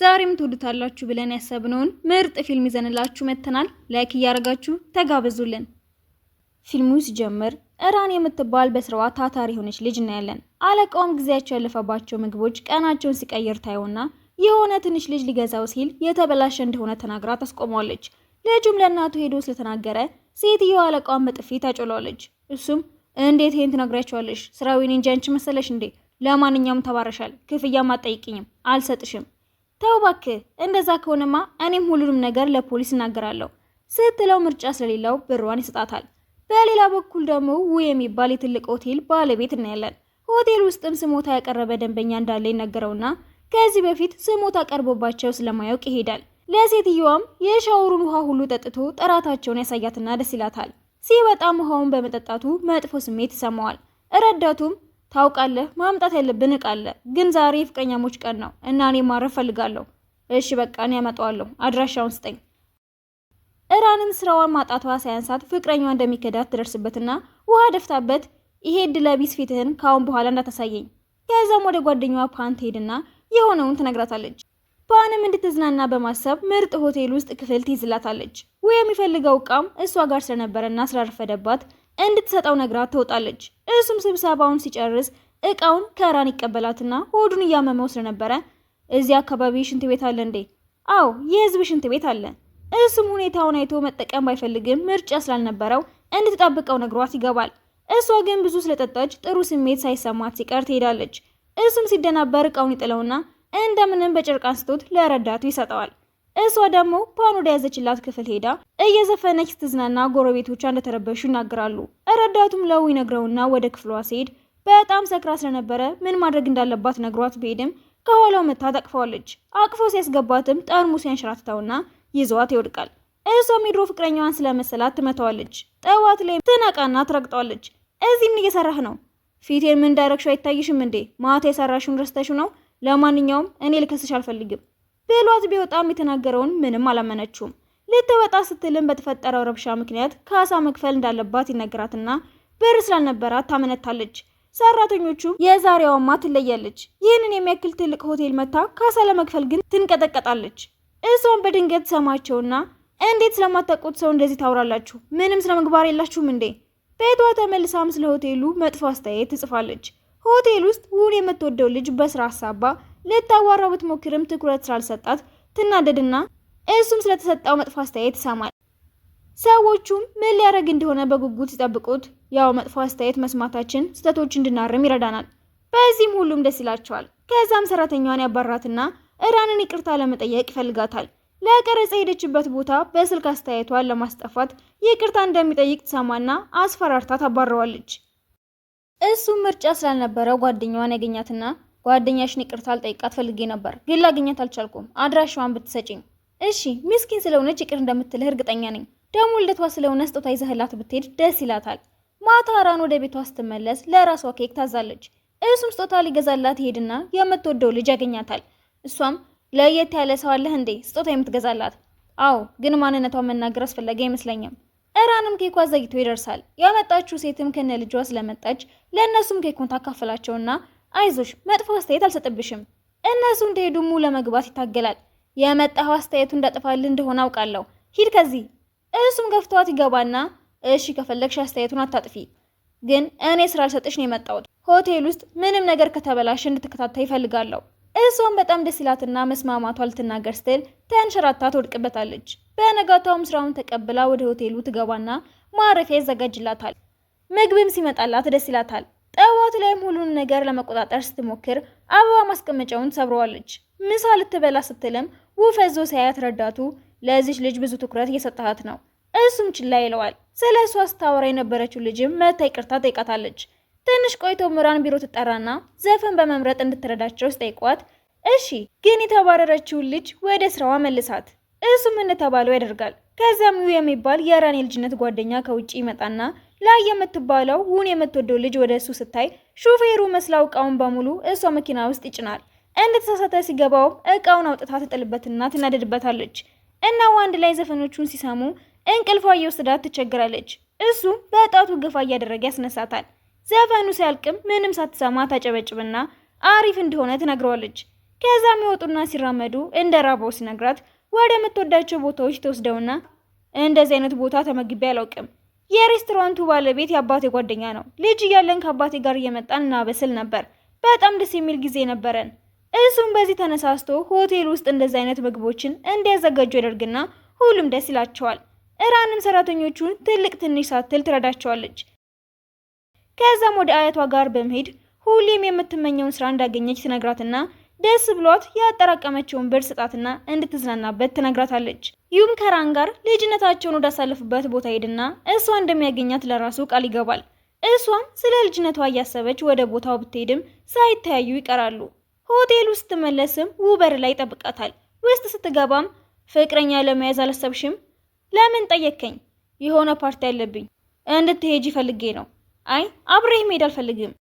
ዛሬም ትወዱታላችሁ ብለን ያሰብነውን ምርጥ ፊልም ይዘንላችሁ መጥተናል። ላይክ እያደረጋችሁ ተጋበዙልን። ፊልሙ ሲጀምር እራን የምትባል በስራዋ ታታሪ የሆነች ልጅ እናያለን። አለቃውም ጊዜያቸው ያለፈባቸው ምግቦች ቀናቸውን ሲቀይር ታየውና የሆነ ትንሽ ልጅ ሊገዛው ሲል የተበላሸ እንደሆነ ተናግራ ታስቆመዋለች። ልጁም ለእናቱ ሄዶ ስለተናገረ ሴትዮዋ አለቃዋን በጥፊ ታጮለዋለች። እሱም እንዴት ይህን ትነግሪያቸዋለሽ? ስራዊን እንጂ አንቺ መሰለሽ እንዴ? ለማንኛውም ተባረሻል። ክፍያም አጠይቅኝም አልሰጥሽም ተው እባክህ፣ እንደዛ ከሆነማ እኔም ሁሉንም ነገር ለፖሊስ እናገራለሁ ስትለው ምርጫ ስለሌለው ብሯን ይሰጣታል። በሌላ በኩል ደግሞ ው የሚባል የትልቅ ሆቴል ባለቤት እናያለን። ሆቴል ውስጥም ስሞታ ያቀረበ ደንበኛ እንዳለ ይነገረውና ከዚህ በፊት ስሞታ ቀርቦባቸው ስለማያውቅ ይሄዳል። ለሴትየዋም የሻወሩን ውሃ ሁሉ ጠጥቶ ጥራታቸውን ያሳያትና ደስ ይላታል። ሲበጣም ውሃውን በመጠጣቱ መጥፎ ስሜት ይሰማዋል። ረዳቱም ታውቃለህ ማምጣት ያለብን እቃ አለ፣ ግን ዛሬ ፍቅረኛሞች ቀን ነው እና እኔ ማረፍ ፈልጋለሁ። እሺ በቃ እኔ ያመጣዋለሁ፣ አድራሻውን ስጠኝ። እራንም ስራዋን ማጣቷ ሳያንሳት ፍቅረኛዋ እንደሚከዳት ትደርስበትና ውሃ ደፍታበት፣ ይሄ ድለቢስ ፊትህን ከአሁን በኋላ እንዳታሳየኝ። ከዛም ወደ ጓደኛዋ ፓን ትሄድና የሆነውን ትነግራታለች። ፓንም እንድትዝናና በማሰብ ምርጥ ሆቴል ውስጥ ክፍል ትይዝላታለች። ወይ የሚፈልገው እቃም እሷ ጋር ስለነበረና ስላረፈደባት እንድትሰጠው ነግራት ትወጣለች። እሱም ስብሰባውን ሲጨርስ እቃውን ከራን ይቀበላትና ሆዱን እያመመው ስለነበረ እዚህ አካባቢ ሽንት ቤት አለ እንዴ? አዎ የህዝብ ሽንት ቤት አለ። እሱም ሁኔታውን አይቶ መጠቀም ባይፈልግም ምርጫ ስላልነበረው እንድትጠብቀው ነግሯት ይገባል። እሷ ግን ብዙ ስለጠጣች ጥሩ ስሜት ሳይሰማት ሲቀር ትሄዳለች። እሱም ሲደናበር እቃውን ይጥለውና እንደምንም በጨርቅ አንስቶት ለረዳቱ ይሰጠዋል። እሷ ደግሞ ፓን ወደ ያዘችላት ክፍል ሄዳ እየዘፈነች ስትዝናና ጎረቤቶቿ እንደተረበሹ ይናገራሉ። ረዳቱም ለው ይነግረውና ወደ ክፍሏ ሲሄድ በጣም ሰክራ ስለነበረ ምን ማድረግ እንዳለባት ነግሯት ቢሄድም ከኋላው መታ ታቅፈዋለች። አቅፎ ሲያስገባትም ጠርሙስ ያንሸራትተውና ይዘዋት ይወድቃል። እሷም የድሮ ፍቅረኛዋን ስለመሰላት ትመታዋለች። ጠዋት ላይ ትነቃና ትረግጠዋለች። እዚህ ምን እየሰራህ ነው? ፊቴን ምን ዳይረክሽን አይታይሽም እንዴ? ማታ የሰራሽውን ረስተሽው ነው? ለማንኛውም እኔ ልከስሽ አልፈልግም ብሏት ቢወጣም የተናገረውን ምንም አላመነችውም። ልትወጣ ስትልም በተፈጠረው ረብሻ ምክንያት ካሳ መክፈል እንዳለባት ይነገራትና ብር ስላልነበራት ታመነታለች። ሰራተኞቹ የዛሬዋማ ትለያለች። ይህንን የሚያክል ትልቅ ሆቴል መታ ካሳ ለመክፈል ግን ትንቀጠቀጣለች። እሷን በድንገት ሰማቸውና እንዴት ስለማታውቁት ሰው እንደዚህ ታውራላችሁ? ምንም ስነ ምግባር የላችሁም እንዴ? ቤቷ ተመልሳም ስለ ሆቴሉ መጥፎ አስተያየት ትጽፋለች። ሆቴል ውስጥ ውን የምትወደው ልጅ በስራ አሳባ ልታዋራ ብትሞክርም ትኩረት ስላልሰጣት ትናደድና እሱም ስለተሰጠው መጥፎ አስተያየት ይሰማል። ሰዎቹም ምን ሊያደርግ እንደሆነ በጉጉት ሲጠብቁት፣ ያው መጥፎ አስተያየት መስማታችን ስህተቶች እንድናርም ይረዳናል። በዚህም ሁሉም ደስ ይላቸዋል። ከዛም ሰራተኛዋን ያባራትና እራንን ይቅርታ ለመጠየቅ ይፈልጋታል። ለቀረጸ ሄደችበት ቦታ በስልክ አስተያየቷን ለማስጠፋት ይቅርታ እንደሚጠይቅ ትሰማና አስፈራርታ ታባረዋለች። እሱም ምርጫ ስላልነበረው ጓደኛዋን ያገኛትና ጓደኛሽን ይቅርታ ልጠይቃት ፈልጌ ነበር፣ ግን ላገኛት አልቻልኩም። አድራሻዋን ብትሰጪኝ። እሺ፣ ምስኪን ስለሆነች ይቅር እንደምትልህ እርግጠኛ ነኝ። ደግሞ ልደቷ ስለሆነ ስጦታ ይዘህላት ብትሄድ ደስ ይላታል። ማታ ራን ወደ ቤቷ ስትመለስ ለራሷ ኬክ ታዛለች። እሱም ስጦታ ሊገዛላት ይሄድና የምትወደው ልጅ ያገኛታል። እሷም ለየት ያለ ሰው አለህ እንዴ ስጦታ የምትገዛላት? አዎ፣ ግን ማንነቷ መናገር አስፈላጊ አይመስለኝም። እራንም ኬኳ ዘግቶ ይደርሳል። ያመጣችው ሴትም ከነ ልጇ ስለመጣች ለእነሱም ኬኩን ታካፍላቸውና አይዞሽ፣ መጥፎ አስተያየት አልሰጥብሽም። እነሱ እንደሄዱ ሙ ለመግባት ይታገላል። የመጣኸው አስተያየቱ እንዳጠፋልህ እንደሆነ አውቃለሁ፣ ሂድ ከዚህ። እሱም ገፍተዋት ይገባና እሺ ከፈለግሽ አስተያየቱን አታጥፊ፣ ግን እኔ ስራ አልሰጥሽ ነው የመጣሁት። ሆቴል ውስጥ ምንም ነገር ከተበላሽ እንድትከታተይ ይፈልጋለሁ። እሷም በጣም ደስ ይላትና መስማማቷ ልትናገር ስትል ተንሸራታ ትወድቅበታለች። በነጋታውም ስራውን ተቀብላ ወደ ሆቴሉ ትገባና ማረፊያ ይዘጋጅላታል። ምግብም ሲመጣላት ደስ ይላታል። ጠዋት ላይም ሁሉን ነገር ለመቆጣጠር ስትሞክር አበባ ማስቀመጫውን ሰብረዋለች። ምሳ ልትበላ ስትልም ውፈዞ ሳያት ረዳቱ ለዚች ልጅ ብዙ ትኩረት እየሰጣት ነው። እሱም ችላ ይለዋል። ስለ እሷ ስታወራ የነበረችው ልጅም መታ ይቅርታ ጠይቃታለች። ትንሽ ቆይቶ ምራን ቢሮ ትጠራና ዘፈን በመምረጥ እንድትረዳቸው ስጠይቋት እሺ ግን የተባረረችውን ልጅ ወደ ስራዋ መልሳት። እሱም እንደተባለው ያደርጋል። ከዚያም የሚባል የራኔ ልጅነት ጓደኛ ከውጭ ይመጣና ላይ የምትባለው ውን የምትወደው ልጅ ወደ እሱ ስታይ ሹፌሩ መስላው እቃውን በሙሉ እሷ መኪና ውስጥ ይጭናል። እንደተሳሳተ ሲገባው እቃውን አውጥታ ትጥልበትና ትናደድበታለች። እና አንድ ላይ ዘፈኖቹን ሲሰሙ እንቅልፏ እየወሰዳት ትቸግራለች። እሱ በጣቱ ግፋ እያደረገ ያስነሳታል። ዘፈኑ ሲያልቅም ምንም ሳትሰማ ታጨበጭብና አሪፍ እንደሆነ ትነግረዋለች። ከዛ የሚወጡና ሲራመዱ እንደ ራበው ሲነግራት ወደ የምትወዳቸው ቦታዎች ተወስደውና እንደዚህ አይነት ቦታ ተመግቤ አላውቅም የሬስቶራንቱ ባለቤት የአባቴ ጓደኛ ነው። ልጅ እያለን ከአባቴ ጋር እየመጣን እናበስል ነበር። በጣም ደስ የሚል ጊዜ ነበረን። እሱም በዚህ ተነሳስቶ ሆቴል ውስጥ እንደዚህ አይነት ምግቦችን እንዲያዘጋጁ ያደርግና ሁሉም ደስ ይላቸዋል። እራንም ሰራተኞቹን ትልቅ ትንሽ ሳትል ትረዳቸዋለች። ከዛም ወደ አያቷ ጋር በመሄድ ሁሌም የምትመኘውን ስራ እንዳገኘች ትነግራትና ደስ ብሏት ያጠራቀመችውን ብር ስጣትና እንድትዝናናበት ትነግራታለች። ይሁም ከራን ጋር ልጅነታቸውን ወዳሳለፉበት ቦታ ሄድና እሷ እንደሚያገኛት ለራሱ ቃል ይገባል። እሷም ስለ ልጅነቷ እያሰበች ወደ ቦታው ብትሄድም ሳይተያዩ ይቀራሉ። ሆቴሉ ስትመለስም ውበር ላይ ይጠብቃታል። ውስጥ ስትገባም ፍቅረኛ ለመያዝ አላሰብሽም? ለምን ጠየከኝ? የሆነ ፓርቲ አለብኝ እንድትሄጅ ፈልጌ ነው። አይ አብሬህ መሄድ አልፈልግም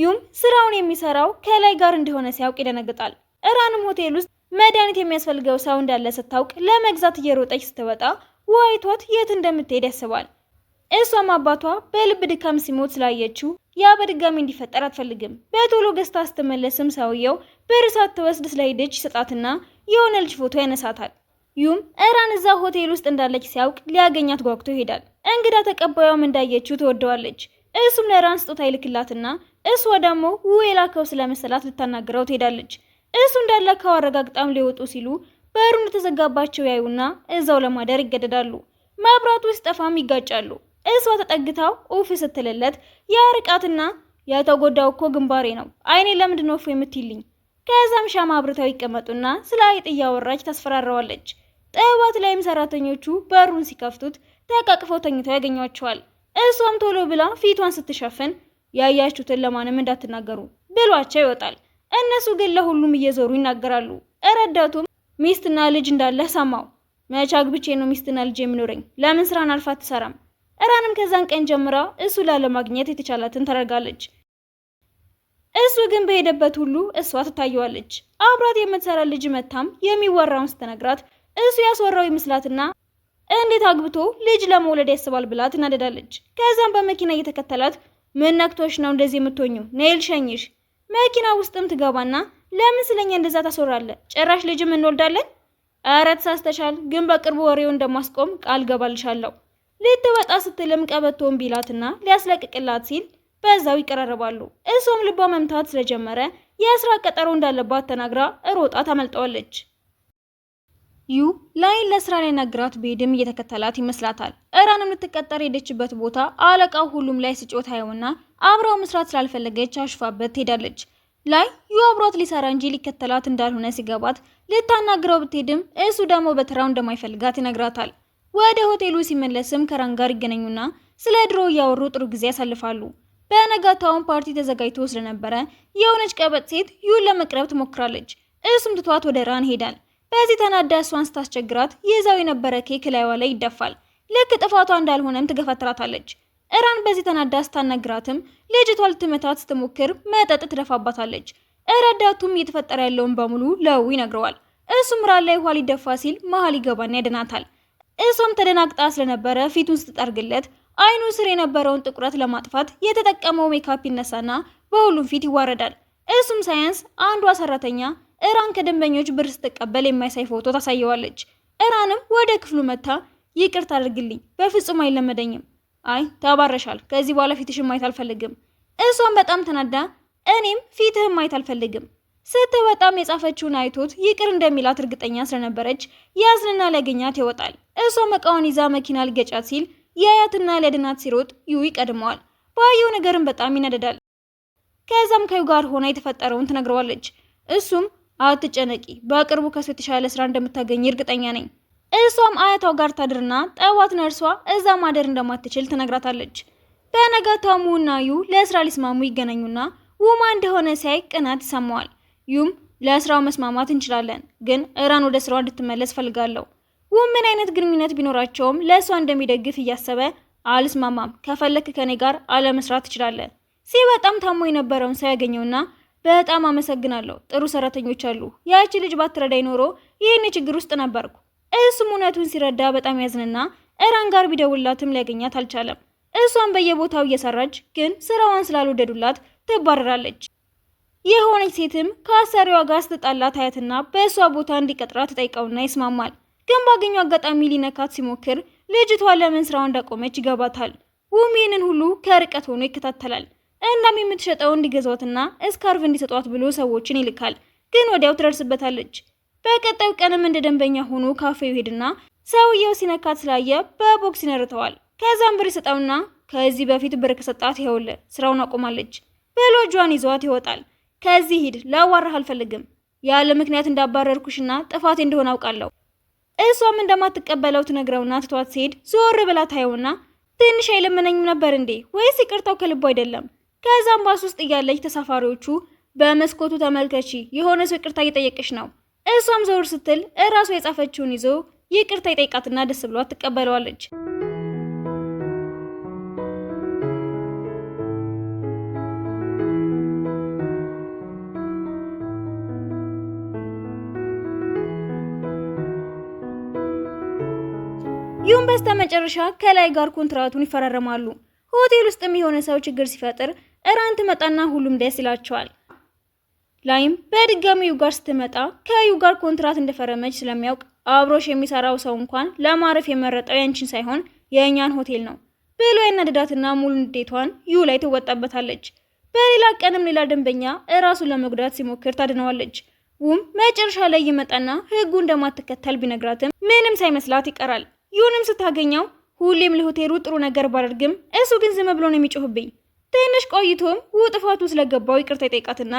ዩም ስራውን የሚሰራው ከላይ ጋር እንደሆነ ሲያውቅ ይደነግጣል። እራንም ሆቴል ውስጥ መድኃኒት የሚያስፈልገው ሰው እንዳለ ስታውቅ ለመግዛት እየሮጠች ስትወጣ ዋይቷት የት እንደምትሄድ ያስባል። እሷም አባቷ በልብ ድካም ሲሞት ስላየችው ያ በድጋሚ እንዲፈጠር አትፈልግም። በቶሎ ገዝታ ስትመለስም ሰውየው ብር ሳትወስድ ስለሄደች ስጣትና የሆነ ልጅ ፎቶ ያነሳታል። ዩም እራን እዛ ሆቴል ውስጥ እንዳለች ሲያውቅ ሊያገኛት ጓጉቶ ይሄዳል። እንግዳ ተቀባዩም እንዳየችው ትወደዋለች። እሱም ለራን ስጦታ ይልክላትና እሷ ደግሞ ውብ የላከው ስለመሰላት ልታናግረው ትሄዳለች። እሱ እንዳለከው አረጋግጣም ሊወጡ ሲሉ በሩ እንደተዘጋባቸው ያዩና እዛው ለማደር ይገደዳሉ። መብራቱ ሲጠፋም ይጋጫሉ። እሷ ተጠግታው ኡፍ ስትልለት ያርቃትና የተጎዳው እኮ ግንባሬ ነው፣ አይኔ ለምንድን ነው ኡፍ የምትይልኝ? ከዛም ሻማ አብርተው ይቀመጡና ስለ አይጥ እያወራች ታስፈራረዋለች። ጠዋት ላይም ሰራተኞቹ በሩን ሲከፍቱት ተቃቅፈው ተኝተው ያገኟቸዋል። እሷም ቶሎ ብላ ፊቷን ስትሸፍን ያያችሁትን ለማንም እንዳትናገሩ ብሏቸው ይወጣል። እነሱ ግን ለሁሉም እየዞሩ ይናገራሉ። ረዳቱም ሚስትና ልጅ እንዳለ ሰማው። መቼ አግብቼ ነው ሚስትና ልጅ የሚኖረኝ? ለምን ስራን አልፋ አትሰራም? እራንም ከዛን ቀን ጀምራ እሱ ላለማግኘት የተቻላትን ታደርጋለች። እሱ ግን በሄደበት ሁሉ እሷ ትታየዋለች። አብራት የምትሰራ ልጅ መታም የሚወራውን ስትነግራት እሱ ያስወራው ይመስላትና እንዴት አግብቶ ልጅ ለመውለድ ያስባል ብላ ትናደዳለች። ከዛም በመኪና እየተከተላት ምን ነክቶሽ ነው እንደዚህ የምትሆኝው? ነይ ሸኝሽ። መኪና ውስጥም ትገባና ለምን ስለኛ እንደዛ ታስወራለ? ጭራሽ ልጅም እንወልዳለን? ኧረ ተሳስተሻል፣ ግን በቅርቡ ወሬው እንደማስቆም ቃል ገባልሻለሁ። ልትወጣ ስትልም ቀበቶን ቢላትና ሊያስለቅቅላት ሲል በዛው ይቀራረባሉ። እሱም ልቧ መምታት ስለጀመረ የስራ ቀጠሮ እንዳለባት ተናግራ ሮጣ ታመልጠዋለች። ዩ ላይን ለስራ ላይ ነግራት ቢሄድም እየተከተላት ይመስላታል። እራን የምትቀጠር ሄደችበት ቦታ አለቃው ሁሉም ላይ ስጮት ይውና አብረው መስራት ስላልፈለገች አሽፋበት ትሄዳለች። ላይ ዩ አብሯት ሊሰራ እንጂ ሊከተላት እንዳልሆነ ሲገባት ልታናግረው ብትሄድም እሱ ደግሞ በተራው እንደማይፈልጋት ይነግራታል። ወደ ሆቴሉ ሲመለስም ከራን ጋር ይገናኙና ስለ ድሮ እያወሩ ጥሩ ጊዜ ያሳልፋሉ። በነጋታውን ፓርቲ ተዘጋጅቶ ስለነበረ የሆነች ቀበጥ ሴት ዩን ለመቅረብ ትሞክራለች። እሱም ትቷት ወደ ራን ይሄዳል። በዚህ ተናዳ እሷን ስታስቸግራት ይዛው የነበረ ኬክ ላይዋ ላይ ይደፋል። ልክ ጥፋቷ እንዳልሆነም ትገፈትራታለች። እራን በዚህ ተናዳ ስታነግራትም ልጅቷ ልትመታት ስትሞክር መጠጥ ትደፋባታለች። እረዳቱም እየተፈጠረ ያለውን በሙሉ ለው ይነግረዋል። እሱም እራን ላይ ውሃ ሊደፋ ሲል መሀል ይገባና ያድናታል። እሷም ተደናግጣ ስለነበረ ፊቱን ስትጠርግለት አይኑ ስር የነበረውን ጥቁረት ለማጥፋት የተጠቀመው ሜካፕ ይነሳና በሁሉም ፊት ይዋረዳል። እሱም ሳያንስ አንዷ ሰራተኛ እራን ከደንበኞች ብር ስትቀበል የሚያሳይ ፎቶ ታሳየዋለች። እራንም ወደ ክፍሉ መታ ይቅርታ አድርግልኝ፣ በፍጹም አይለመደኝም። አይ ተባረሻል፣ ከዚህ በኋላ ፊትሽን ማየት አልፈልግም። እሷን በጣም ተናዳ እኔም ፊትህን ማየት አልፈልግም ስትወጣም የጻፈችውን አይቶት ይቅር እንደሚላት እርግጠኛ ስለነበረች ያዝንና ሊያገኛት ይወጣል። እሷም እቃውን ይዛ መኪና ልገጫት ሲል ያያትና ሊያድናት ሲሮጥ ዩ ይቀድመዋል። ባየው ነገርም በጣም ይነደዳል። ከዛም ከዩ ጋር ሆና የተፈጠረውን ትነግረዋለች። እሱም አትጨነቂ፣ በቅርቡ ከሱ የተሻለ ስራ እንደምታገኝ እርግጠኛ ነኝ። እሷም አያቷ ጋር ታድርና ጠዋት ነርሷ እዛ ማደር እንደማትችል ትነግራታለች። በነጋታው ሙና ዩ ለስራ ሊስማሙ ይገናኙና ውማ እንደሆነ ሲያይ ቅናት ይሰማዋል። ዩም ለስራው መስማማት እንችላለን፣ ግን እራን ወደ ስራው እንድትመለስ ፈልጋለሁ። ውም ምን አይነት ግንኙነት ቢኖራቸውም ለእሷ እንደሚደግፍ እያሰበ አልስማማም፣ ከፈለክ ከኔ ጋር አለመስራት ትችላለን ሲ በጣም ታሞ የነበረውን ሰው ያገኘውና በጣም አመሰግናለሁ። ጥሩ ሰራተኞች አሉ። ያቺ ልጅ ባትረዳ ኖሮ ይህን ችግር ውስጥ ነበርኩ። እሱም እውነቱን ሲረዳ በጣም ያዝንና እራን ጋር ቢደውላትም ሊያገኛት አልቻለም። እሷን በየቦታው እየሰራች ግን ስራዋን ስላልወደዱላት ትባረራለች። የሆነች ሴትም ከአሰሪዋ ጋር ስትጣላ ታያትና በእሷ ቦታ እንዲቀጥራ ትጠይቀውና ይስማማል። ግን ባገኙ አጋጣሚ ሊነካት ሲሞክር ልጅቷ ለምን ስራው እንዳቆመች ይገባታል። ውም ይህንን ሁሉ ከርቀት ሆኖ ይከታተላል። እናም የምትሸጠው እንዲገዟትና እስካርቭ እንዲሰጧት ብሎ ሰዎችን ይልካል። ግን ወዲያው ትደርስበታለች። በቀጣዩ ቀንም እንደ ደንበኛ ሆኖ ካፌው ሄድና ሰውየው ሲነካት ስላየ በቦክስ ይነርተዋል። ከዛም ብር ይሰጠውና ከዚህ በፊት ብር ከሰጣት ይኸውልህ ስራውን አቆማለች ብሎ እጇን ይዟት ይወጣል። ከዚህ ሂድ፣ ላዋራህ አልፈልግም። ያለ ምክንያት እንዳባረርኩሽና ጥፋቴ እንደሆነ አውቃለሁ። እሷም እንደማትቀበለው ትነግረውና ትቷት ሲሄድ ዞር ብላ ታየውና ትንሽ አይለምነኝም ነበር እንዴ? ወይስ ይቅርታው ከልቡ አይደለም? ከዛም ባስ ውስጥ እያለች ተሳፋሪዎቹ በመስኮቱ ተመልከቺ፣ የሆነ ሰው ይቅርታ እየጠየቀች ነው። እሷም ዘውር ስትል እራሷ የጻፈችውን ይዞ ይቅርታ ይጠይቃትና ደስ ብሏት ትቀበለዋለች። ይሁን በስተመጨረሻ ከላይ ጋር ኮንትራቱን ይፈራረማሉ። ሆቴል ውስጥም የሆነ ሰው ችግር ሲፈጥር እራን ትመጣና ሁሉም ደስ ይላቸዋል። ላይም በድጋሚ ዩ ጋር ስትመጣ ከዩ ጋር ኮንትራት እንደፈረመች ስለሚያውቅ አብሮሽ የሚሰራው ሰው እንኳን ለማረፍ የመረጠው ያንቺን ሳይሆን የእኛን ሆቴል ነው ብሎ ያናድዳትና ሙሉ ንዴቷን ዩ ላይ ትወጣበታለች። በሌላ ቀንም ሌላ ደንበኛ እራሱን ለመጉዳት ሲሞክር ታድነዋለች። ውም መጨረሻ ላይ ይመጣና ህጉ እንደማትከተል ቢነግራትም ምንም ሳይመስላት ይቀራል። ይሁንም ስታገኘው ሁሌም ለሆቴሉ ጥሩ ነገር ባደርግም እሱ ግን ዝም ብሎ ነው የሚጮህብኝ ትንሽ ቆይቶም ውጥፋቱ ስለገባው ይቅርታ ይጠይቃትና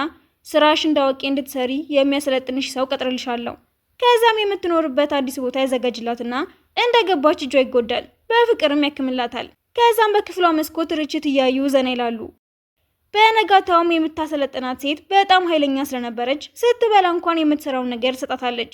ስራሽ እንዳወቂ እንድትሰሪ የሚያሰለጥንሽ ሰው ቀጥርልሻለሁ። ከዛም የምትኖርበት አዲስ ቦታ ያዘጋጅላትና እንደ ገባች እጇ ይጎዳል። በፍቅርም ያክምላታል። ከዛም በክፍሏ መስኮት ርችት እያዩ ዘና ይላሉ። በነጋታውም የምታሰለጥናት ሴት በጣም ኃይለኛ ስለነበረች ስትበላ እንኳን የምትሰራውን ነገር ሰጣታለች።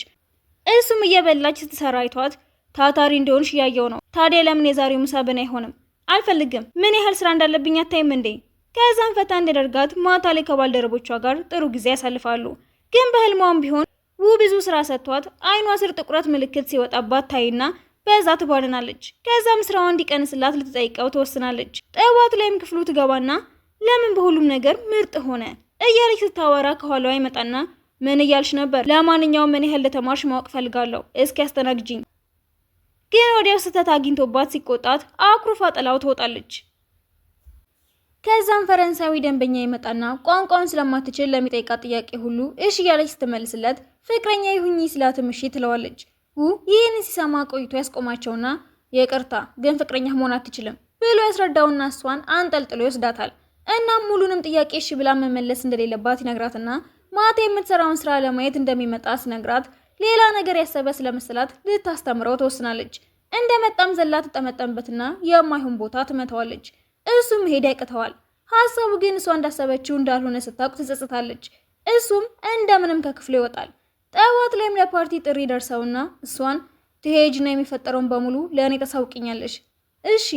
እሱም እየበላች ስትሰራ አይቷት ታታሪ እንደሆንሽ እያየው ነው። ታዲያ ለምን የዛሬው ምሳ ብን አይሆንም አልፈልግም። ምን ያህል ስራ እንዳለብኝ አታይም እንዴ? ከዛም ፈታ እንዲያደርጋት ማታ ላይ ከባልደረቦቿ ጋር ጥሩ ጊዜ ያሳልፋሉ። ግን በህልሟም ቢሆን ው ብዙ ስራ ሰጥቷት አይኗ ስር ጥቁረት ምልክት ሲወጣባት ታይና በዛ ትባልናለች። ከዛም ስራዋ እንዲቀንስላት ልትጠይቀው ትወስናለች። ጠዋት ላይም ክፍሉ ትገባና ለምን በሁሉም ነገር ምርጥ ሆነ እያለች ስታወራ ከኋላዋ ይመጣና ምን እያልሽ ነበር? ለማንኛውም ምን ያህል ለተማርሽ ማወቅ ፈልጋለሁ። እስኪ ያስተናግጅኝ ግን ወዲያው ስህተት አግኝቶባት ሲቆጣት አኩርፋ ጥላው ትወጣለች። ከዛም ፈረንሳዊ ደንበኛ ይመጣና ቋንቋውን ስለማትችል ለሚጠይቃት ጥያቄ ሁሉ እሽ እያለች ስትመልስለት ፍቅረኛ ይሁኝ ስላትም እሺ ትለዋለች። ው ይህን ሲሰማ ቆይቶ ያስቆማቸውና ይቅርታ ግን ፍቅረኛ መሆን አትችልም ብሎ ያስረዳውና እሷን አንጠልጥሎ ይወስዳታል። እናም ሙሉንም ጥያቄ እሺ ብላ መመለስ እንደሌለባት ይነግራትና ማታ የምትሰራውን ስራ ለማየት እንደሚመጣ ሲነግራት ሌላ ነገር ያሰበ ስለመሰላት ልታስተምረው ትወስናለች። እንደመጣም ዘላ ትጠመጠምበትና የማይሆን ቦታ ትመታዋለች። እሱም መሄድ ያቅተዋል። ሀሳቡ ግን እሷ እንዳሰበችው እንዳልሆነ ስታውቅ ትጸጽታለች። እሱም እንደምንም ከክፍሉ ይወጣል። ጠዋት ላይም ለፓርቲ ጥሪ ደርሰውና እሷን ትሄጅና የሚፈጠረውን በሙሉ ለእኔ ታሳውቅኛለሽ እሺ።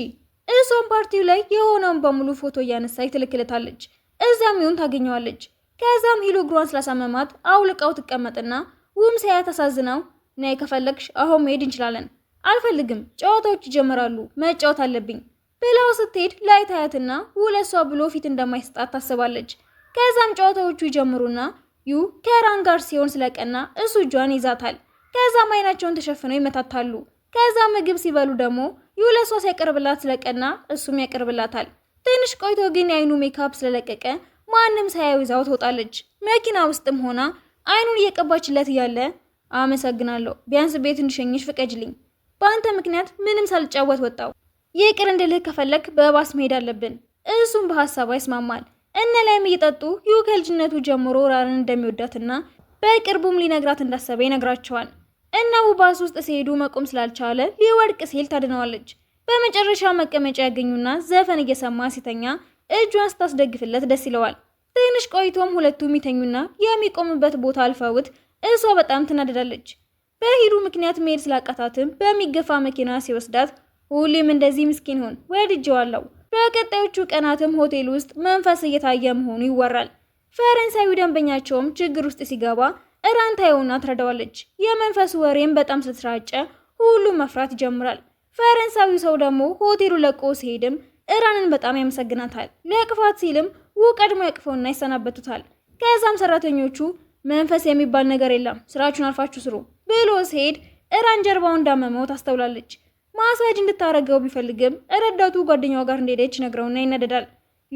እሷን ፓርቲው ላይ የሆነውን በሙሉ ፎቶ እያነሳች ትልክልታለች። እዛም ይሁን ታገኘዋለች። ከዛም ሂሉ እግሯን ስላሳመማት አውልቃው ትቀመጥና ውም ተሳዝነው ነይ ከፈለግሽ አሁን መሄድ እንችላለን። አልፈልግም፣ ጨዋታዎች ይጀምራሉ፣ መጫወት አለብኝ ብላው ስትሄድ ላይ ታያትና ውለሷ ብሎ ፊት እንደማይሰጣት ታስባለች። ከዛም ጨዋታዎቹ ይጀምሩና ዩ ከራን ጋር ሲሆን ስለቀና እሱ እጇን ይዛታል። ከዛም አይናቸውን ተሸፍነው ይመታታሉ። ከዛ ምግብ ሲበሉ ደግሞ ዩለሷ ሲያቀርብላት ስለቀና እሱም ያቀርብላታል። ትንሽ ቆይቶ ግን የአይኑ ሜካፕ ስለለቀቀ ማንም ሳያዩ ይዛው ትወጣለች። መኪና ውስጥም ሆና አይኑን እየቀባችለት እያለ አመሰግናለሁ፣ ቢያንስ ቤት እንድሸኝሽ ፍቀጅልኝ። በአንተ ምክንያት ምንም ሳልጫወት ወጣው። ይቅር እንድልህ ከፈለግ በባስ መሄድ አለብን። እሱም በሀሳቧ ይስማማል። እነ ላይም እየጠጡ ዩ ከልጅነቱ ጀምሮ ራርን እንደሚወዳትና በቅርቡም ሊነግራት እንዳሰበ ይነግራቸዋል። እና ባስ ውስጥ ሲሄዱ መቆም ስላልቻለ ሊወድቅ ሲል ታድነዋለች። በመጨረሻ መቀመጫ ያገኙና ዘፈን እየሰማ ሲተኛ እጇን ስታስደግፍለት ደስ ይለዋል። ትንሽ ቆይቶም ሁለቱም የሚተኙና የሚቆሙበት ቦታ አልፈውት እሷ በጣም ትናደዳለች። በሂዱ ምክንያት መሄድ ስላቃታትም በሚገፋ መኪና ሲወስዳት ሁሌም እንደዚህ ምስኪን ሆን ወድጀዋለሁ። በቀጣዮቹ ቀናትም ሆቴል ውስጥ መንፈስ እየታየ መሆኑ ይወራል። ፈረንሳዊ ደንበኛቸውም ችግር ውስጥ ሲገባ እራንታየውና ትረዳዋለች። የመንፈሱ ወሬም በጣም ስትራጨ ሁሉም መፍራት ይጀምራል። ፈረንሳዊ ሰው ደግሞ ሆቴሉ ለቆ ሲሄድም እራንን በጣም ያመሰግናታል። ለቅፋት ሲልም ው ቀድሞ ያቅፈውና ይሰናበቱታል። ከዛም ሰራተኞቹ መንፈስ የሚባል ነገር የለም ስራችሁን አልፋችሁ ስሩ ብሎ ሲሄድ እራን ጀርባው እንዳመመው ታስተውላለች። ማሳጅ እንድታረገው ቢፈልግም ረዳቱ ጓደኛዋ ጋር እንደሄደች ነግረውና ይነደዳል።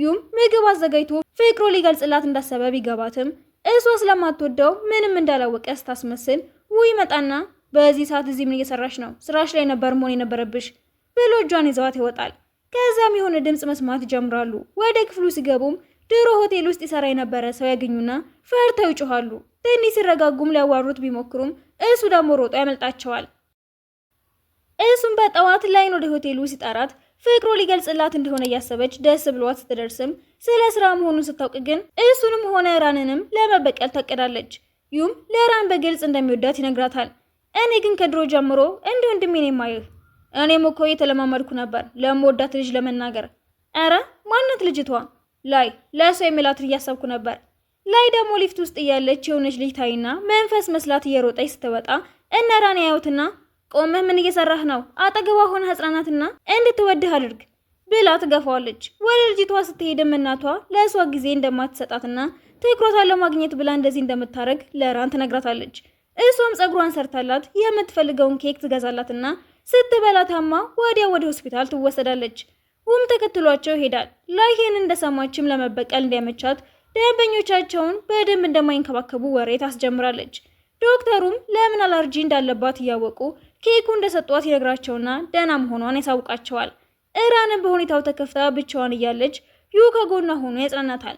ዩም ምግብ አዘጋጅቶ ፍቅሮ ሊገልጽላት እንዳሰበ ቢገባትም እሷ ስለማትወደው ምንም እንዳላወቀ ስታስመስል ውይ መጣና በዚህ ሰዓት እዚህ ምን እየሰራሽ ነው? ስራሽ ላይ ነበር መሆን የነበረብሽ ብሎ እጇን ይዘዋት ይወጣል። ከዛም የሆነ ድምፅ መስማት ይጀምራሉ። ወደ ክፍሉ ሲገቡም ድሮ ሆቴል ውስጥ ይሰራ የነበረ ሰው ያገኙና ፈርተው ይጮኋሉ። ትንሽ ሲረጋጉም ሊያዋሩት ቢሞክሩም እሱ ደግሞ ሮጦ ያመልጣቸዋል። እሱም በጠዋት ላይን ወደ ሆቴሉ ሲጠራት ፍቅሩ ሊገልጽላት እንደሆነ እያሰበች ደስ ብሏት ስትደርስም ስለ ስራ መሆኑን ስታውቅ ግን እሱንም ሆነ ራንንም ለመበቀል ታቀዳለች። ይሁም ለራን በግልጽ እንደሚወዳት ይነግራታል። እኔ ግን ከድሮ ጀምሮ እንደ ወንድሜ ነው የማየህ እኔም እኮ እየተለማመድኩ ነበር ለምወዳት ልጅ ለመናገር። ኧረ ማናት ልጅቷ? ላይ ለሰው የሚላትን እያሰብኩ ነበር። ላይ ደግሞ ሊፍት ውስጥ እያለች የሆነች ልጅ ታይና መንፈስ መስላት እየሮጠች ስትወጣ እነ ራን ያዩትና ቆመህ ምን እየሰራህ ነው? አጠገቧ ሆነ ህጽናናትና እንድትወድህ አድርግ ብላ ትገፋዋለች። ወደ ልጅቷ ስትሄድም እናቷ ለእሷ ጊዜ እንደማትሰጣትና ትኩረቷን ለማግኘት ብላ እንደዚህ እንደምታደረግ ለራን ትነግራታለች። እሷም ጸጉሯን ሰርታላት የምትፈልገውን ኬክ ትገዛላትና ስትበላታማ ታማ ወዲያ ወደ ሆስፒታል ትወሰዳለች። ውም ተከትሏቸው ይሄዳል። ላይሄን እንደሰማችም ለመበቀል እንዲያመቻት ደንበኞቻቸውን በደንብ እንደማይንከባከቡ ወሬ ታስጀምራለች። ዶክተሩም ለምን አላርጂ እንዳለባት እያወቁ ኬኩ እንደሰጧት ይነግራቸውና ደህና መሆኗን ያሳውቃቸዋል። እራንም በሁኔታው ተከፍታ ብቻዋን እያለች ዩ ከጎኗ ሆኖ ያጽናናታል።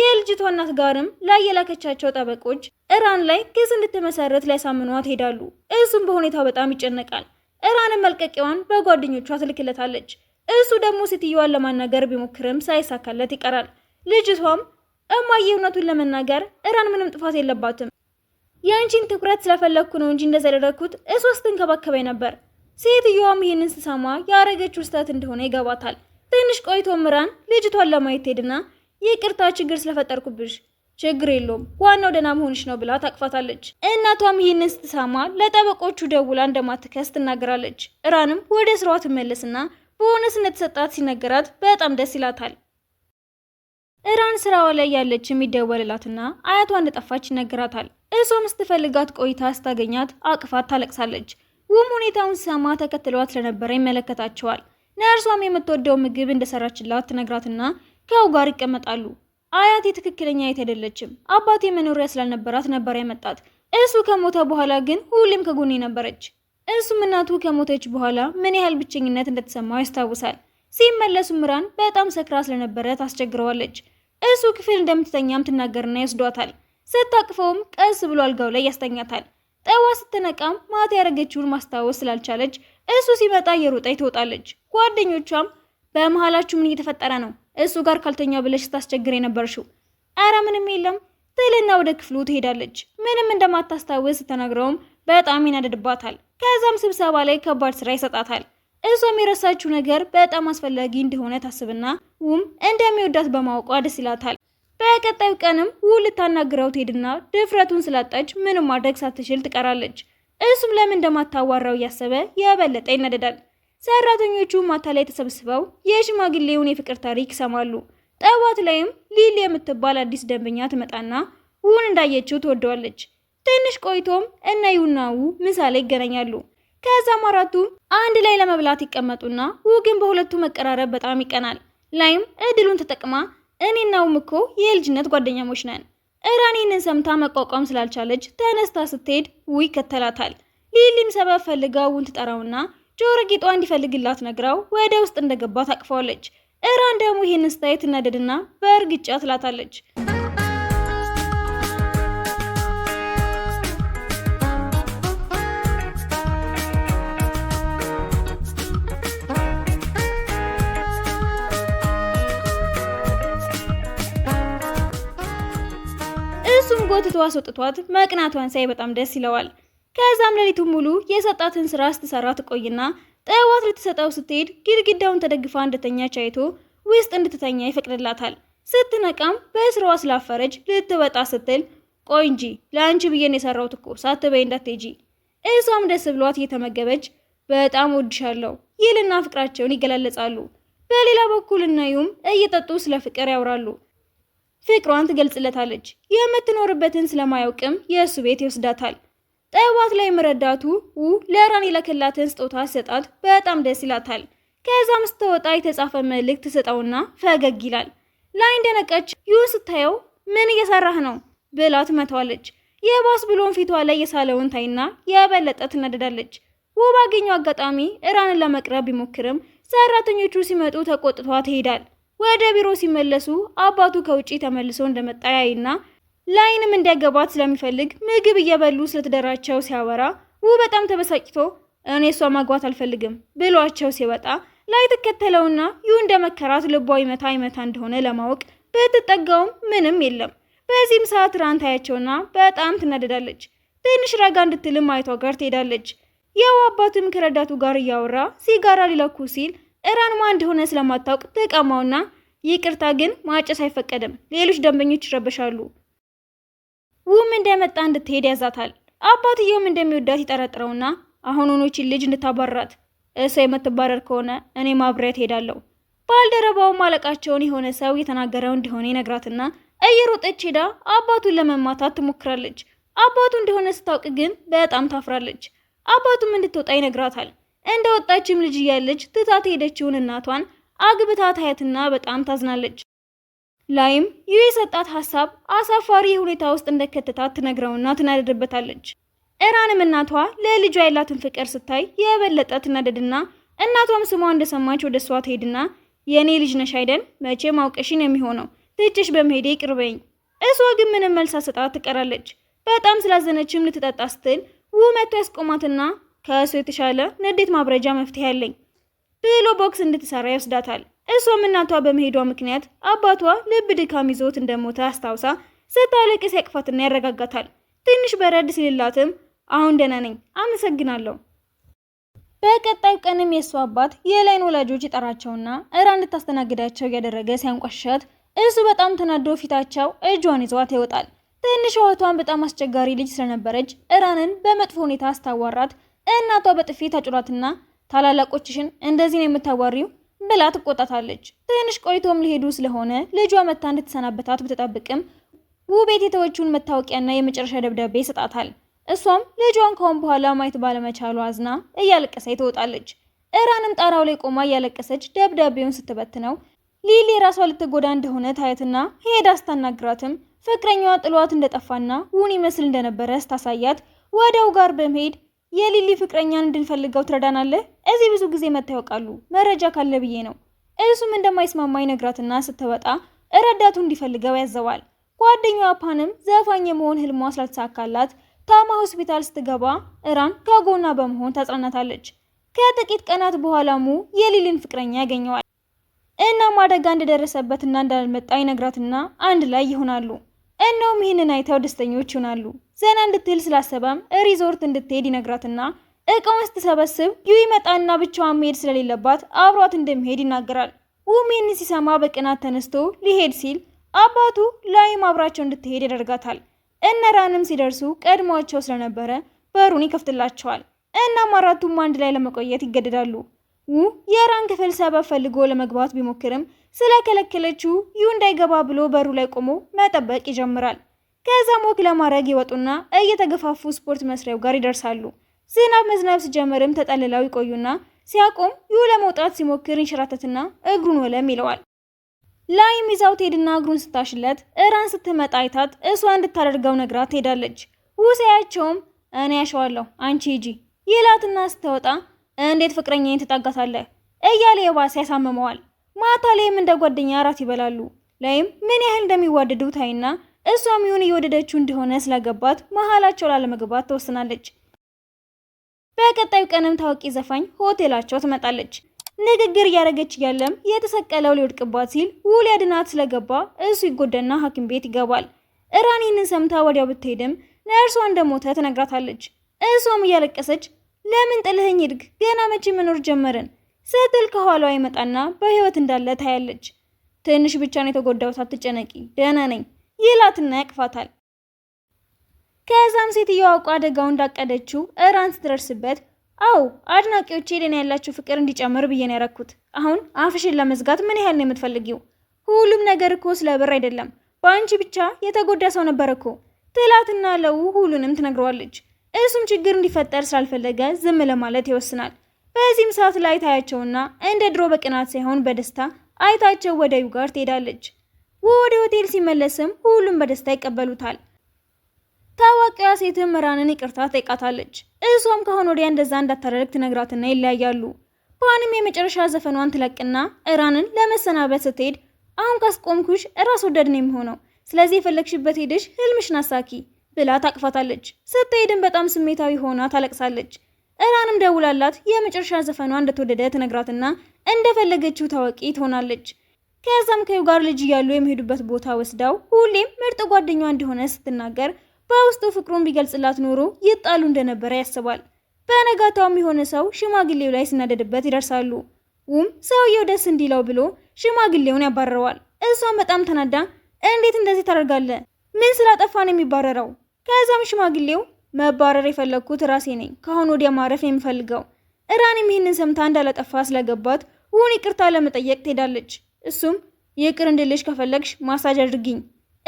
የልጅቷ እናት ጋርም ላይ የላከቻቸው ጠበቆች እራን ላይ ክስ እንድትመሰረት ሊያሳምኗት ይሄዳሉ። እሱም በሁኔታው በጣም ይጨነቃል። እራንን መልቀቂያዋን በጓደኞቿ ትልክለታለች። እሱ ደግሞ ሴትዮዋን ለማናገር ቢሞክርም ሳይሳካለት ይቀራል። ልጅቷም እማዬ፣ እውነቱን ለመናገር እራን ምንም ጥፋት የለባትም የአንቺን ትኩረት ስለፈለግኩ ነው እንጂ እንደዛ እሷ ስትንከባከበኝ ነበር። ሴትዮዋም ይህንን ስሰማ ያረገችው ስህተት እንደሆነ ይገባታል። ትንሽ ቆይቶ ምራን ልጅቷን ለማየት ሄድና ይቅርታ ችግር ስለፈጠርኩብሽ ችግር የለውም ዋናው ደህና መሆንሽ ነው ብላ ታቅፋታለች። እናቷም ይህንን ስትሰማ ለጠበቆቹ ደውላ እንደማትከስ ትናገራለች። እራንም ወደ ስሯ ትመለስና ቦነስ እንደተሰጣት ሲነገራት በጣም ደስ ይላታል። እራን ስራዋ ላይ ያለች የሚደወልላትና አያቷ እንደጠፋች ይነገራታል። እሷም ስትፈልጋት ቆይታ ስታገኛት አቅፋት ታለቅሳለች። ውም ሁኔታውን ሲሰማ ተከትሏት ስለነበረ ይመለከታቸዋል። ነርሷም የምትወደው ምግብ እንደሰራችላት ትነግራትና ከው ጋር ይቀመጣሉ። አያቴ ትክክለኛ አያት አይደለችም። አባቴ መኖሪያ ስላልነበራት ነበር ያመጣት። እሱ ከሞተ በኋላ ግን ሁሌም ከጎኔ ነበረች። እሱም እናቱ ከሞተች በኋላ ምን ያህል ብቸኝነት እንደተሰማው ያስታውሳል። ሲመለሱ ምራን በጣም ሰክራ ስለነበረ ታስቸግረዋለች። እሱ ክፍል እንደምትተኛም ትናገርና ይወስዷታል። ስታቅፈውም ቀስ ብሎ አልጋው ላይ ያስተኛታል። ጠዋ ስትነቃም ማታ ያደረገችውን ማስታወስ ስላልቻለች እሱ ሲመጣ እየሮጠች ትወጣለች። ጓደኞቿም በመሀላችሁ ምን እየተፈጠረ ነው? እሱ ጋር ካልተኛ ብለሽ ስታስቸግር የነበርሽው? አረ ምንም የለም ትልና ወደ ክፍሉ ትሄዳለች። ምንም እንደማታስታውስ ስትነግረውም በጣም ይናደድባታል። ከዛም ስብሰባ ላይ ከባድ ስራ ይሰጣታል። እሷም የረሳችው ነገር በጣም አስፈላጊ እንደሆነ ታስብና ውም እንደሚወዳት በማወቋ ደስ ይላታል። በቀጣዩ ቀንም ው ልታናግረው ትሄድና ድፍረቱን ስላጣች ምንም ማድረግ ሳትችል ትቀራለች። እሱም ለምን እንደማታዋራው እያሰበ የበለጠ ይናደዳል። ሰራተኞቹ ማታ ላይ ተሰብስበው የሽማግሌውን የፍቅር ታሪክ ይሰማሉ። ጠዋት ላይም ሊሊ የምትባል አዲስ ደንበኛ ትመጣና ውን እንዳየችው ትወደዋለች። ትንሽ ቆይቶም እነ ዩናው ምሳ ላይ ይገናኛሉ። ከዛም አራቱም አንድ ላይ ለመብላት ይቀመጡና ው ግን በሁለቱ መቀራረብ በጣም ይቀናል። ላይም እድሉን ተጠቅማ እኔና ውም እኮ የልጅነት ጓደኛሞች ነን። እራኔንን ሰምታ መቋቋም ስላልቻለች ተነስታ ስትሄድ ው ይከተላታል። ሊሊም ሰበብ ፈልጋ ውን ትጠራውና ጆሮ ጌጧ እንዲፈልግላት ነግራው ወደ ውስጥ እንደገባ ታቅፈዋለች። እራን ደግሞ ይህን ስታይ እናደድና በእርግጫ ትላታለች። እሱም ጎትቶ አስወጥቷት መቅናቷን ሳይ በጣም ደስ ይለዋል። ከዛም ሌሊቱ ሙሉ የሰጣትን ስራ ስትሰራ ትቆይና ጠዋት ልትሰጠው ስትሄድ ግድግዳውን ተደግፋ እንደተኛች አይቶ ውስጥ እንድትተኛ ይፈቅድላታል። ስትነቃም በስራዋ ስላፈረች ልትወጣ ስትል ቆይ እንጂ ለአንቺ ብዬን የሰራሁት እኮ ሳትበይ እንዳትሄጂ። እሷም ደስ ብሏት እየተመገበች በጣም ወድሻለሁ ይልና ፍቅራቸውን ይገላለጻሉ። በሌላ በኩል እናዩም እየጠጡ ስለ ፍቅር ያወራሉ። ፍቅሯን ትገልጽለታለች። የምትኖርበትን ስለማያውቅም የእሱ ቤት ይወስዳታል። ጠዋት ላይ መረዳቱ ው ለራን የላከላትን ስጦታ ሰጣት። በጣም ደስ ይላታል። ከዛም ስትወጣ የተጻፈ መልእክት ሰጠውና ፈገግ ይላል። ላይ እንደነቀች ዩ ስታየው ምን እየሰራህ ነው ብላ ትመታዋለች። የባስ ብሎን ፊቷ ላይ የሳለውን ታይና የበለጠ ትናደዳለች። ውብ ባገኘው አጋጣሚ እራንን ለመቅረብ ቢሞክርም ሰራተኞቹ ሲመጡ ተቆጥቷ ትሄዳል። ወደ ቢሮ ሲመለሱ አባቱ ከውጪ ተመልሶ እንደመጣ ያይና ለአይንም እንዳይገባት ስለሚፈልግ ምግብ እየበሉ ስለተደራቸው ሲያወራ ው በጣም ተበሳጭቶ እኔ እሷ ማግባት አልፈልግም ብሏቸው ሲወጣ ላይ ትከተለውና ይሁ እንደ መከራት ልቧ ይመታ ይመታ እንደሆነ ለማወቅ ብትጠጋውም ምንም የለም። በዚህም ሰዓት ራን ታያቸውና በጣም ትናደዳለች። ትንሽ ረጋ እንድትልም ማየቷ ጋር ትሄዳለች። ያው አባቱም ከረዳቱ ጋር እያወራ ሲጋራ ሊለኩ ሲል እራን እንደሆነ ስለማታውቅ ተቀማውና ይቅርታ ግን ማጨስ አይፈቀድም፣ ሌሎች ደንበኞች ይረበሻሉ ውም እንደመጣ እንድትሄድ ያዛታል። አባትየውም እንደሚወዳት ይጠረጥረውና አሁኑኖችን ልጅ እንድታባራት እሷ የምትባረር ከሆነ እኔ ማብሪያት ሄዳለሁ። ባልደረባውም አለቃቸውን የሆነ ሰው የተናገረው እንደሆነ ይነግራትና እየሮጠች ሄዳ አባቱን ለመማታት ትሞክራለች። አባቱ እንደሆነ ስታውቅ ግን በጣም ታፍራለች። አባቱም እንድትወጣ ይነግራታል። እንደ ወጣችም ልጅ እያለች ትታት ሄደችውን እናቷን አግብታ ታያትና በጣም ታዝናለች። ላይም ይህ የሰጣት ሀሳብ አሳፋሪ ሁኔታ ውስጥ እንደከተታት ትነግረውና ትናደድበታለች። እራንም እናቷ ለልጇ ያላትን ፍቅር ስታይ የበለጠ ትናደድና እናቷም ስሟ እንደሰማች ወደ እሷ ትሄድና የእኔ ልጅ ነሽ አይደል? መቼም አውቀሽን የሚሆነው ትችሽ በመሄዴ ይቅርበኝ። እሷ ግን ምንም መልስ ሳትሰጣት ትቀራለች። በጣም ስላዘነችም ልትጠጣ ስትል ው መቶ ያስቆማትና ከእሱ የተሻለ ንዴት ማብረጃ መፍትሄ አለኝ ብሎ ቦክስ እንድትሰራ ይወስዳታል። እሷም እናቷ በመሄዷ ምክንያት አባቷ ልብ ድካም ይዞት እንደሞተ አስታውሳ ስታለቅስ ያቅፋትና ያረጋጋታል። ትንሽ በረድ ሲልላትም አሁን ደህና ነኝ አመሰግናለሁ። በቀጣዩ ቀንም የእሷ አባት የላይን ወላጆች ይጠራቸውና እራ እንድታስተናግዳቸው እያደረገ ሲያንቋሻት እሱ በጣም ተናዶ ፊታቸው እጇን ይዟት ይወጣል። ትንሽ እህቷን በጣም አስቸጋሪ ልጅ ስለነበረች እራንን በመጥፎ ሁኔታ አስታዋራት። እናቷ በጥፊ ታጭሏትና ታላላቆችሽን እንደዚህ ነው የምታዋሪው ብላ ትቆጣታለች። ትንሽ ቆይቶም ሊሄዱ ስለሆነ ልጇ መታ እንድትሰናበታት ብትጠብቅም ውቤት የተወችውን መታወቂያና የመጨረሻ ደብዳቤ ይሰጣታል። እሷም ልጇን ካሁን በኋላ ማየት ባለመቻሉ አዝና እያለቀሰች ትወጣለች። እራንም ጣራው ላይ ቆማ እያለቀሰች ደብዳቤውን ስትበትነው ሊሊ የራሷ ልትጎዳ እንደሆነ ታየትና ሄዳ ስታናግራትም ፍቅረኛዋ ጥሏት እንደጠፋና ውን ይመስል እንደነበረ ስታሳያት ወደው ጋር በመሄድ የሊሊ ፍቅረኛን እንድንፈልገው ትረዳናለህ? እዚህ ብዙ ጊዜ መታ ያውቃሉ። መረጃ ካለ ብዬ ነው። እሱም እንደማይስማማ ይነግራትና ስትወጣ ረዳቱ እንዲፈልገው ያዘዋል። ጓደኛዋ ፓንም ዘፋኝ የመሆን ህልሟ ስላልተሳካላት ታማ ሆስፒታል ስትገባ እራን ከጎኗ በመሆን ታጽናናታለች። ከጥቂት ቀናት በኋላ የሊሊን ፍቅረኛ ያገኘዋል። እናም አደጋ እንደደረሰበትና እንዳልመጣ ይነግራትና አንድ ላይ ይሆናሉ። እነውም ይህንን አይተው ደስተኞች ይሆናሉ። ዘና እንድትል ስላሰበም ሪዞርት እንድትሄድ ይነግራትና እቃውን ስትሰበስብ ዩ ይመጣና ብቻዋን መሄድ ስለሌለባት አብሯት እንደሚሄድ ይናገራል። ይህን ሲሰማ በቅናት ተነስቶ ሊሄድ ሲል አባቱ ላይም አብራቸው እንድትሄድ ያደርጋታል። እነራንም ሲደርሱ ቀድሟቸው ስለነበረ በሩን ይከፍትላቸዋል። እናም አራቱም አንድ ላይ ለመቆየት ይገደዳሉ። ው የራን ክፍል ሰበብ ፈልጎ ለመግባት ቢሞክርም ስለከለከለችው ይሁ እንዳይገባ ብሎ በሩ ላይ ቆሞ መጠበቅ ይጀምራል። ከዛም ወክ ለማድረግ ይወጡና እየተገፋፉ ስፖርት መስሪያው ጋር ይደርሳሉ። ዝናብ መዝናብ ሲጀምርም ተጠልለው ይቆዩና ሲያቆም ይሁ ለመውጣት ሲሞክር ይንሸራተትና እግሩን ወለም ይለዋል። ላይም ይዛው ትሄድና እግሩን ስታሽለት እራን ስትመጣ አይታት እሷ እንድታደርገው ነግራ ትሄዳለች። ውሳያቸውም እኔ ያሸዋለሁ አንቺ ሂጂ ይላትና ስትወጣ እንዴት ፍቅረኛዬን ትጠጋታለህ እያለ የባሰ ያሳምመዋል። ማታ ላይም እንደ ጓደኛ እራት ይበላሉ። ላይም ምን ያህል እንደሚዋደዱ ታይና እሷም ይሁን እየወደደችው እንደሆነ ስለገባት መሀላቸው ላለመግባት ተወስናለች። በቀጣዩ ቀንም ታዋቂ ዘፋኝ ሆቴላቸው ትመጣለች። ንግግር እያደረገች እያለም የተሰቀለው ሊወድቅባት ሲል ውል ያድናት ስለገባ እሱ ይጎዳና ሐኪም ቤት ይገባል። እራኒንን ሰምታ ወዲያው ብትሄድም ነርሷ እንደሞተ ትነግራታለች። እሷም እያለቀሰች ለምን ጥልህኝ ይድግ ገና መቼ መኖር ጀመርን ስትል ከኋላዋ ይመጣና በህይወት እንዳለ ታያለች። ትንሽ ብቻ ነው የተጎዳሁት፣ አትጨነቂ፣ ደህና ነኝ ይላትና ያቅፋታል። ከዛም ሴትየዋ አውቃ አደጋው እንዳቀደችው እራን ስትደርስበት፣ አዎ አድናቂዎቼ ደህና ያላችሁ ፍቅር እንዲጨምር ብዬ ነው ያረኩት። አሁን አፍሽን ለመዝጋት ምን ያህል ነው የምትፈልጊው? ሁሉም ነገር እኮ ስለ ብር አይደለም፣ በአንቺ ብቻ የተጎዳ ሰው ነበር እኮ ትላትና ለው ሁሉንም ትነግረዋለች። እሱም ችግር እንዲፈጠር ስላልፈለገ ዝም ለማለት ይወስናል። በዚህም ሰዓት ላይ ታያቸውና እንደ ድሮ በቅናት ሳይሆን በደስታ አይታቸው ወደ ዩ ጋር ትሄዳለች። ወደ ሆቴል ሲመለስም ሁሉም በደስታ ይቀበሉታል። ታዋቂዋ ሴትም ምራንን ይቅርታ ጠይቃታለች። እሷም ከአሁን ወዲያ እንደዛ እንዳታደርግ ትነግራትና ይለያያሉ። በአንም የመጨረሻ ዘፈኗን ትለቅና እራንን ለመሰናበት ስትሄድ አሁን ካስቆምኩሽ እራስ ወደድ ነው የሚሆነው፣ ስለዚህ የፈለግሽበት ሄደሽ ህልምሽን አሳኪ ብላ ታቅፋታለች። ስትሄድም በጣም ስሜታዊ ሆና ታለቅሳለች። እራንም ደውላላት የመጨረሻ ዘፈኗ እንደተወደደ ትነግራትና እንደፈለገችው ታዋቂ ትሆናለች። ከዛም ከዩ ጋር ልጅ እያሉ የሚሄዱበት ቦታ ወስዳው ሁሌም ምርጥ ጓደኛ እንደሆነ ስትናገር በውስጡ ፍቅሩን ቢገልጽላት ኖሮ ይጣሉ እንደነበረ ያስባል። በነጋታውም የሆነ ሰው ሽማግሌው ላይ ሲናደድበት ይደርሳሉ። ውም ሰውየው ደስ እንዲለው ብሎ ሽማግሌውን ያባረረዋል። እሷም በጣም ተናዳ እንዴት እንደዚህ ታደርጋለ? ምን ስላጠፋ ነው የሚባረረው? ከዛም ሽማግሌው መባረር የፈለግኩት ራሴ ነኝ። ከአሁን ወዲያ ማረፍ የምፈልገው። እራኔም ይህንን ሰምታ እንዳለጠፋ ስለገባት ውን ይቅርታ ለመጠየቅ ትሄዳለች። እሱም ይቅር እንድልሽ ከፈለግሽ ማሳጅ አድርግኝ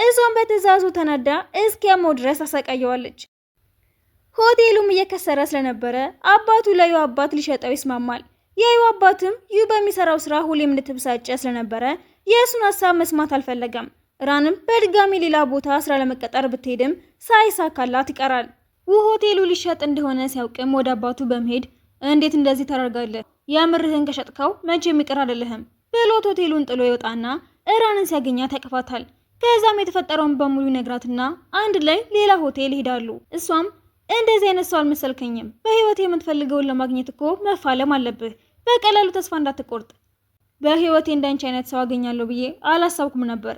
እሷም በትዕዛዙ ተናዳ እስኪያመው ድረስ አሰቃየዋለች። ሆቴሉም እየከሰረ ስለነበረ አባቱ ለዩ አባት ሊሸጠው ይስማማል። የዩ አባትም ዩ በሚሰራው ስራ ሁሌም እንድትብሳጨ ስለነበረ የእሱን ሀሳብ መስማት አልፈለገም። ራንም በድጋሚ ሌላ ቦታ ስራ ለመቀጠር ብትሄድም ሳይሳካላት ይቀራል። ሆቴሉ ሊሸጥ እንደሆነ ሲያውቅም ወደ አባቱ በመሄድ እንዴት እንደዚህ ታደርጋለህ? የምርህን ከሸጥከው መቼ ይቅር አይደለህም ብሎት ሆቴሉን ጥሎ ይወጣና እራንን ሲያገኛ ያቅፋታል። ከዛም የተፈጠረውን በሙሉ ይነግራትና አንድ ላይ ሌላ ሆቴል ይሄዳሉ። እሷም እንደዚህ አይነት ሰው አልመሰልከኝም፣ በህይወት የምትፈልገውን ለማግኘት እኮ መፋለም አለብህ። በቀላሉ ተስፋ እንዳትቆርጥ። በህይወቴ እንዳንቺ አይነት ሰው አገኛለሁ ብዬ አላሳብኩም ነበር።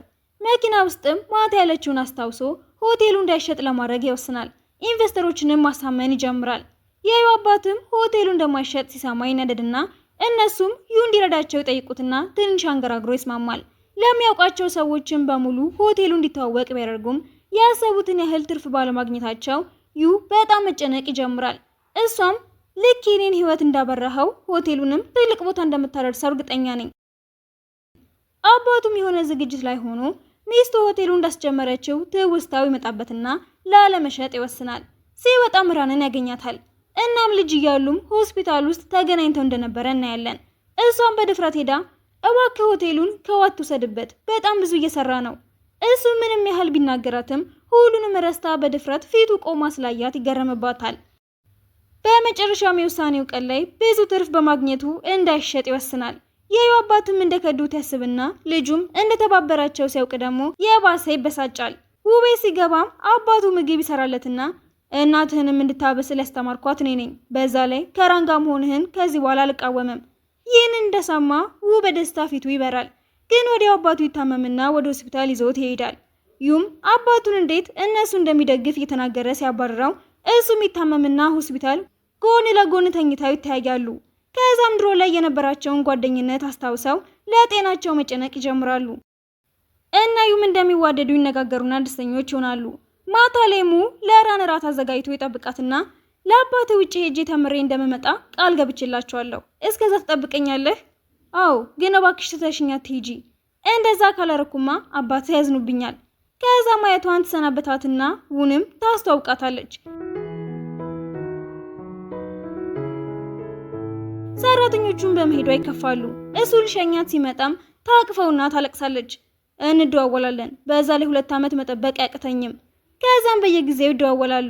መኪና ውስጥም ማታ ያለችውን አስታውሶ ሆቴሉ እንዳይሸጥ ለማድረግ ይወስናል። ኢንቨስተሮችንም ማሳመን ይጀምራል። የዩ አባትም ሆቴሉ እንደማይሸጥ ሲሰማ ይነደድና እነሱም ዩ እንዲረዳቸው ይጠይቁትና ትንሽ አንገራግሮ ይስማማል። ለሚያውቃቸው ሰዎችም በሙሉ ሆቴሉ እንዲተዋወቅ ቢያደርጉም ያሰቡትን ያህል ትርፍ ባለማግኘታቸው ዩ በጣም መጨነቅ ይጀምራል። እሷም ልክ የኔን ህይወት እንዳበረኸው ሆቴሉንም ትልቅ ቦታ እንደምታደርሰው እርግጠኛ ነኝ። አባቱም የሆነ ዝግጅት ላይ ሆኖ ሚስቱ ሆቴሉ እንዳስጀመረችው ትውስታው ይመጣበትና ላለመሸጥ ይወስናል። ሲወጣ ምራንን ያገኛታል። እናም ልጅ እያሉም ሆስፒታል ውስጥ ተገናኝተው እንደነበረ እናያለን። እሷም በድፍረት ሄዳ እባክህ ሆቴሉን ከዋት ውሰድበት፣ በጣም ብዙ እየሰራ ነው። እሱ ምንም ያህል ቢናገራትም ሁሉንም ረስታ በድፍረት ፊቱ ቆማ ስላያት ይገረምባታል። በመጨረሻም የውሳኔው ቀን ላይ ብዙ ትርፍ በማግኘቱ እንዳይሸጥ ይወስናል። የዩ አባትም እንደከዱት ያስብና ልጁም እንደተባበራቸው ሲያውቅ ደግሞ የባሰ ይበሳጫል። ውቤ ሲገባም አባቱ ምግብ ይሰራለትና እናትህንም እንድታበስል ያስተማርኳት እኔ ነኝ። በዛ ላይ ከራንጋ መሆንህን ከዚህ በኋላ አልቃወምም። ይህን እንደሰማ ውብ በደስታ ፊቱ ይበራል። ግን ወዲያው አባቱ ይታመምና ወደ ሆስፒታል ይዞት ይሄዳል። ዩም አባቱን እንዴት እነሱ እንደሚደግፍ እየተናገረ ሲያባርረው እሱም ይታመምና ሆስፒታል ጎን ለጎን ተኝተው ይተያያሉ። ከዛም ድሮ ላይ የነበራቸውን ጓደኝነት አስታውሰው ለጤናቸው መጨነቅ ይጀምራሉ። እና ዩም እንደሚዋደዱ ይነጋገሩና ደስተኞች ይሆናሉ። ማታ ላይ ሙ ለራን እራት አዘጋጅቶ የጠብቃትና ለአባቴ ውጭ ሄጄ ተምሬ እንደምመጣ ቃል ገብችላቸዋለሁ። እስከዛ ትጠብቀኛለህ? አዎ፣ ግን እባክሽ ትተሽኝ እንደዛ ካላረኩማ አባቴ ያዝኑብኛል። ከዛ ማየቷን ትሰናበታትና ውንም ታስተዋውቃታለች። ሰራተኞቹን በመሄዷ ይከፋሉ። እሱ ልሸኛት ሲመጣም ታቅፈውና ታለቅሳለች። እንደዋወላለን። በዛ ላይ ሁለት ዓመት መጠበቅ አያቅተኝም። ከዛም በየጊዜው ይደዋወላሉ።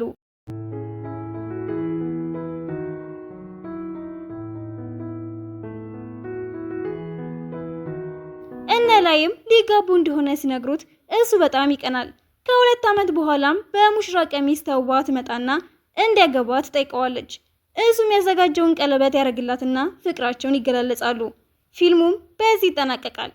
እነ ላይም ሊጋቡ እንደሆነ ሲነግሩት እሱ በጣም ይቀናል። ከሁለት ዓመት በኋላም በሙሽራ ቀሚስ ተውባ ትመጣና እንዲያገባ ትጠይቀዋለች። እሱም ያዘጋጀውን ቀለበት ያደርግላትና ፍቅራቸውን ይገላለጻሉ። ፊልሙም በዚህ ይጠናቀቃል።